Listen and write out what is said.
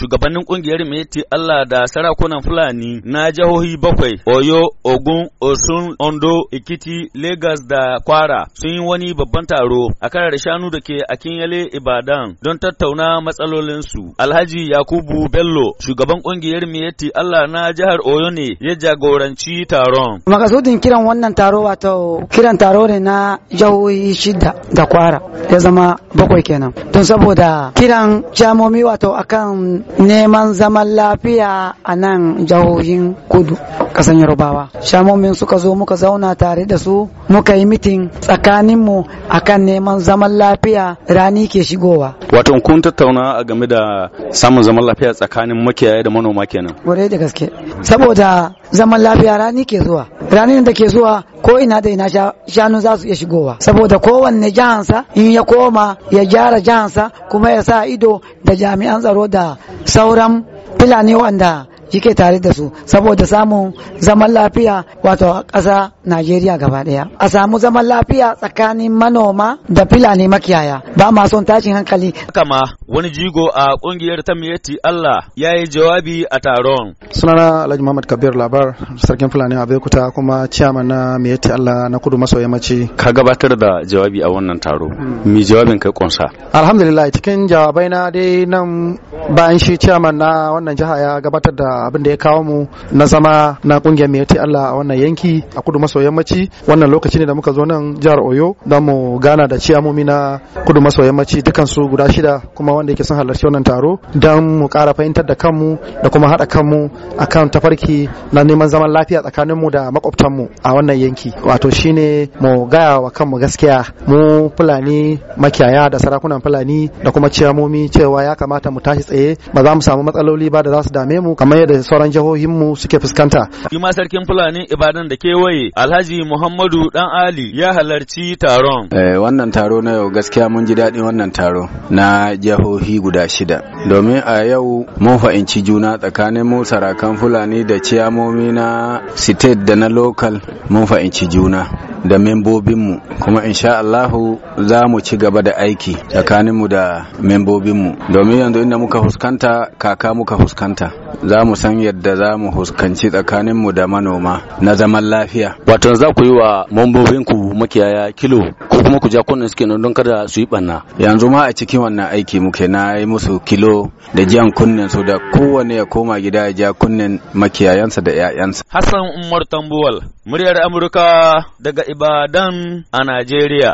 shugabannin kungiyar Meti Allah da sarakunan Fulani na jihohi bakwai Oyo, Ogun, Osun, Ondo, Ikiti, Legas da Kwara sun yi wani babban taro a karar shanu da ke a Kinyale Ibadan don tattauna matsalolinsu. Alhaji Yakubu Bello, shugaban kungiyar Meti Allah na jihar Oyo ne ya jagoranci taron. Makasudin kiran wannan taro wato kiran taro ne na jihohi shida da Kwara ya zama bakwai kenan. Don saboda kiran jamomi wato akan neman zaman lafiya a nan jihohin kudu. kasan sha Shamomin suka zo muka zauna tare da su muka yi mitin tsakaninmu akan neman zaman lafiya rani ke shigowa. Wato kun tattauna a game da samun zaman lafiya tsakanin makiyaya da manoma kenan. Gwarai da gaske. Saboda zaman lafiya rani ke zuwa. rani da ke zuwa ko ina da ina shanu za su iya shigowa saboda kowanne jahansa in ya koma ya gyara jahansa kuma ya sa ido da jami'an tsaro da sauran fulani wanda yake tare da su saboda samun zaman lafiya wato ƙasa Najeriya gaba ɗaya. A samu zaman lafiya tsakanin manoma da filani makiyaya ba ma son tashin hankali. Kama wani jigo a kungiyar Tamiyati Allah ya yi jawabi a taron. Sunana Alhaji Muhammad Kabir Labar sarkin Fulani a Bekuta kuma ciyaman na Miyati Allah na kudu maso yammaci. Ka gabatar da jawabi a wannan taro. Hmm. Mi jawabin kai kunsa? Alhamdulillah cikin jawabai na dai nan bayan shi ciyaman na wannan jiha ya gabatar da abin da ya kawo mu na zama na kungiyar Miyati Allah a wannan yanki a kudu maso maso yammaci wannan lokaci ne da muka zo nan jihar Oyo da mu gana da ciyamomi na kudu maso yammaci dukkan su guda shida kuma wanda yake son halarci wannan taro don mu kara fahimtar da kanmu da kuma haɗa kanmu a kan tafarki na neman zaman lafiya tsakaninmu da makwabtanmu a wannan yanki wato shine mu gaya wa kanmu gaskiya mu Fulani makiyaya da sarakunan Fulani da kuma ciyamomi cewa ya kamata mu tashi tsaye ba za mu samu matsaloli ba da za su dame mu kamar yadda sauran jihohin mu suke fuskanta. kima sarkin Fulani Ibadan da kewaye Alhaji Muhammadu Dan Ali ya halarci taron. Eh, wannan taro na yau gaskiya mun ji daɗin wannan taro na jihohi guda shida. Domin a yau mun fa'inci juna tsakanin mu sarakan Fulani da ciyamomi na state da na local mun fa'inci juna. da membobinmu kuma insha Allahu za mu ci gaba da aiki tsakaninmu da membobinmu domin yanzu inda muka huskanta kaka muka huskanta za mu san yadda za mu huskanci tsakaninmu da manoma na zaman lafiya. Wato za ku yi wa membobinku makiyaya kilo ko kuma ku ja kunnen suke nan don kada su yi banna yanzu ma a cikin wannan aiki muke na yi musu kilo da jan kunnen su da kowane ya koma gida ya ja kunnen makiyayansa da 'ya'yansa Hassan Umar Tambuwal muryar Amurka daga Ibadan a Najeriya